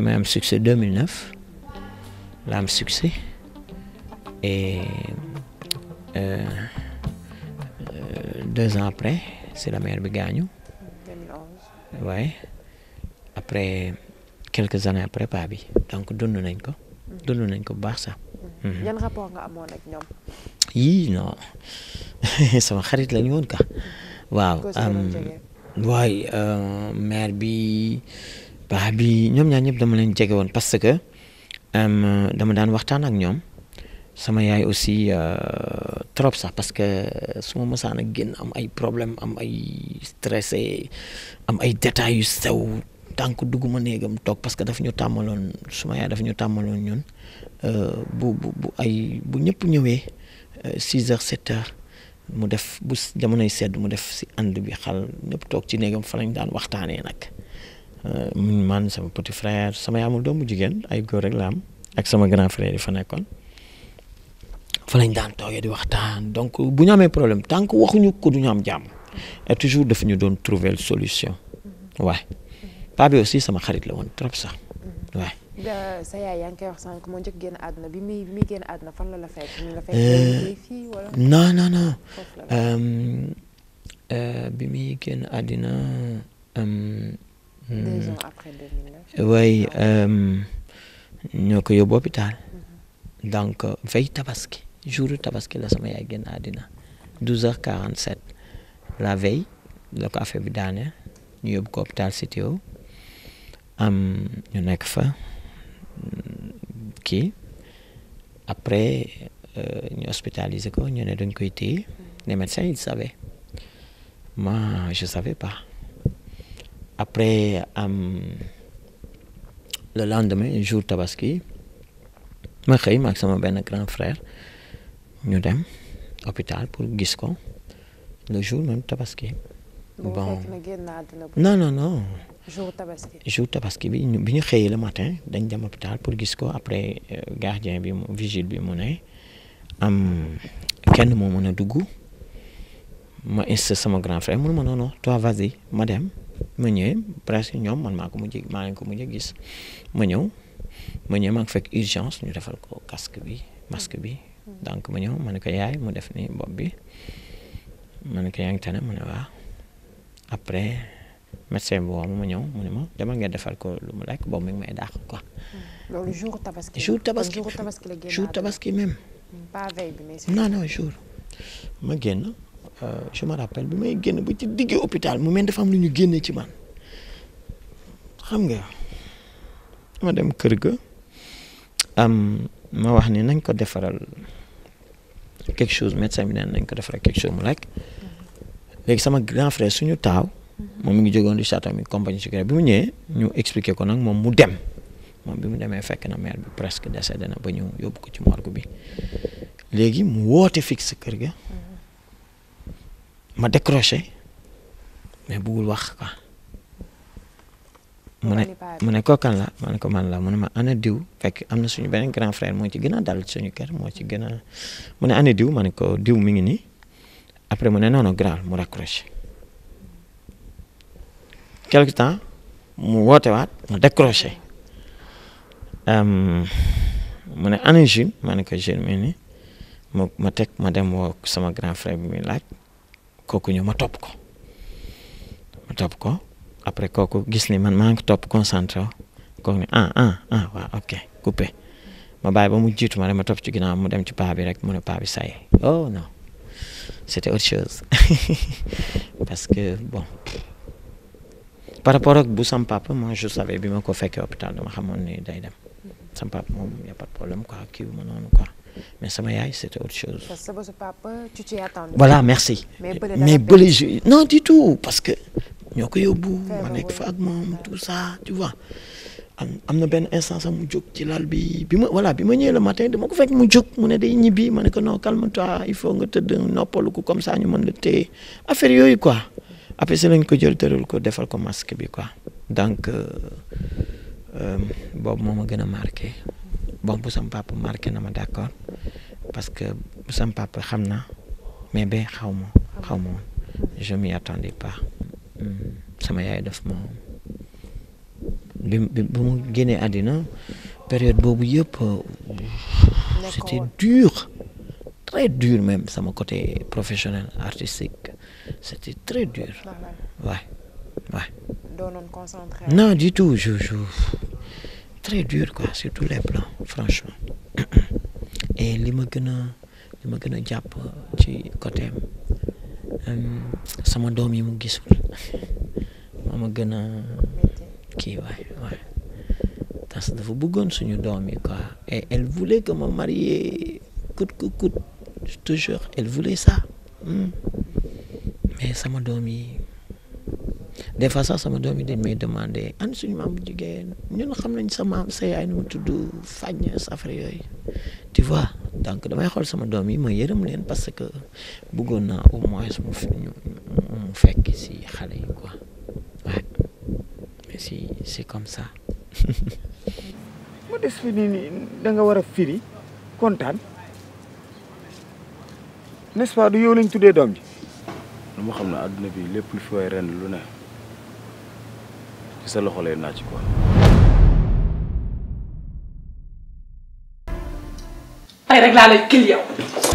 même succès 2009 l'âme succès et euh, euh, deux ans après c'est la mère bi ouais 2011 après quelques années après pas donc Je nañ ko. Mm-hmm. dund nañ ko bu a sax. Mm-hmm. Mm-hmm. rapport nga amoon ak ñoom. non xarit la ñu ka waaw. avec euh, bi. baa bi ñoom ñaar ñëpp dama leen jege woon parce que dama daan waxtaan ak ñoom sama yaay aussi trop sax parce que su amai mësaan a génn am ay problème am ay stressé am ay détails yu sew tànk dugg ma néegam toog parce que daf ñu tàmmaloon suma yaay daf ñu tàmmaloon ñun bu bu bu ay bu ñëpp ñëwee six heures sept heures mu def bu jamonoy sedd mu def si ànd bi xal ñëpp toog ci néegam fa lañ daan waxtaanee nag Euh, man sama petit frère sama yaay amul doom bu jigéen ay góor rek la am ak sama grand frère yi fa nekkoon fa lañ daan toogee di waxtaan donc bu ñu amee problème tant que waxuñu ko du ñu am jàmm et toujours dafa ñu doon trouver solution waay paa bi aussi sama xarit la woon trop sax waay sa yaay yaa ngi koy wax sànq moo njëkk génn àdduna bi muy bi muy génn àdduna fan la la fekk ñu la fekk euh, fii wala. non non non euh, bi muy génn àdduna deux hmm. ans après 2009. oui nous avons yóbbu hôpital. Mm-hmm. donc veille tabaski jour tabaski la sama yaay à 12h47 la veille le café affaire nous nous ñu yóbbu hôpital CTO am ñu nekk fa après nous euh, hospitalisé, hospitalisé, ñu avons dañ koy mm-hmm. les médecins ils savaient moi je ne savais pas. Après, am, euh, le lendemain, jour tabaski, ma xëy ma ak sama grand frère ñu dem hôpital pour gisco, le jour même tabaski. bon non non non. jour tabaski jour tabaski ñu le matin dañ dem hôpital pour gisco après euh, gardien bi vigile bi mu am kenn moo mën a ma insisté sama grand frère mu ne non non toi vas-y madame. ma ñëwee presque ñoom man maa ko mujjee maa leen ko mujjee gis ma ñëw ma ñëw maa ngi fekk urgence ñu defal ko casque bi masque bi donc ma ñëw ma ne ko yaay mu def ni bopp bi ma ne ko yaa ngi tane mu ne waaw après médecin bi woo ma ñëw mu ne ma dama ngeen defal ko lu mu lekk boobu mi ngi may dàq quoi. Hmm. loolu jour tabaski jour tabaski jour tabaski même. Hmm, jour ma génn. Euh, je me rappelle bi may génn ba ci digg hôpital mu mel dafa am lu ñu génne ci man xam nga ma dem kër ga am ma wax ni nañ ko defaral quelque chose médecin mi nañ ko defaral quelque chose mu sama grand frère suñu taaw moom mi ngi di château mi compagnie sucré bi mu ñëwee ñu expliqué ko nag moom mu dem moom bi mu demee fekk na mère bi presque décédé na ba ñu yóbbu ko ci morgue bi léegi mu fixe kër ga ma décroché mais buggul wax quoi. mu ne mu ne ko kan la ma ne ko man la mu ne ma ana diw fekk am na suñu beneen grand frère moo ci gën a dal suñu kër moo ci gën mu ne ana diw ma ne ko diw mi ngi nii après mu ne non non grand mu raccroché quelque temps mu woote waat mu décroché mu ne ana jeune ma ne ko jeune mi nii ma teg ma dem woo sama grand frère bi muy laaj. kooku ma top ko ma top ko après kooku gis ni man maa ngi concentré kooku ne ah ah ah ok coupé ma bàyyi ba mu jiitu ma rek ma topp ci ginnaaw mu dem ci paa bi rek mu ne paa bi say oh non c'était autre chose parce que bon par rapport ak bu sam papa moi je savais bi ma ko fekkee hôpital dama xamoon ni day dem sam papa moom y a pas de problème quoi kii wu ma noonu quoi mais sama yaay c'était autre chose. Ça, que sa papa tu t'y attendais. voilà merci. mais bële ju non du tout parce que ñoo ko yóbbu. ma nekk fa ak moom tout ça tu vois. am am na benn instance mu jóg ci lal bi bi ma voilà bi ma ñëwee le matin dama ko fekk mu jóg mu ne day ñibi ma ne ko non calme-toi il faut nga tëdd noppalu ko comme ça ñu mën la téye affaire yooyu quoi après c'est lañ ko jël tëral ko defal ko masque bi quoi donc euh, euh, boobu moo ma gën a marqué bon bu sama papa marqué na ma d'accord parce que sama papa pas mais ben, comment, je m'y attendais pas Ça hmm. m'a... daf bi période c'était dur très dur même mon côté professionnel artistique c'était très dur Ouais, ouais. non du tout je je très dur quoi sur tous les plans franchement mais li ma gën a li ma gën a jàpp ci côté sama doom yi mu gisul moo ma gën a kii waay waay parce que dafa bëggoon suñu doom yi quoi et elle voulait que ma marie coûte que coûte toujours elle voulait hmm. mais sama doom yi des fois sax sama doom yi dañ may demander an suñu maam bu jigéen ñun xam nañ sa maam sa yaay nu mu tudd fàññ safara yooyu tu vois donc damay xool sama doom yi ma yërëm leen parce que bëggoon naa au moins mu mu fekk si xale yi quoi waaye si c'est comme ça. mu des fi nii da nga war firi kontaan n'est-ce pas du yow lañ tuddee doom ji. lu ma xam bi lépp lu fi ren lu ne ci sa quoi. tey rek laa lay kil yow.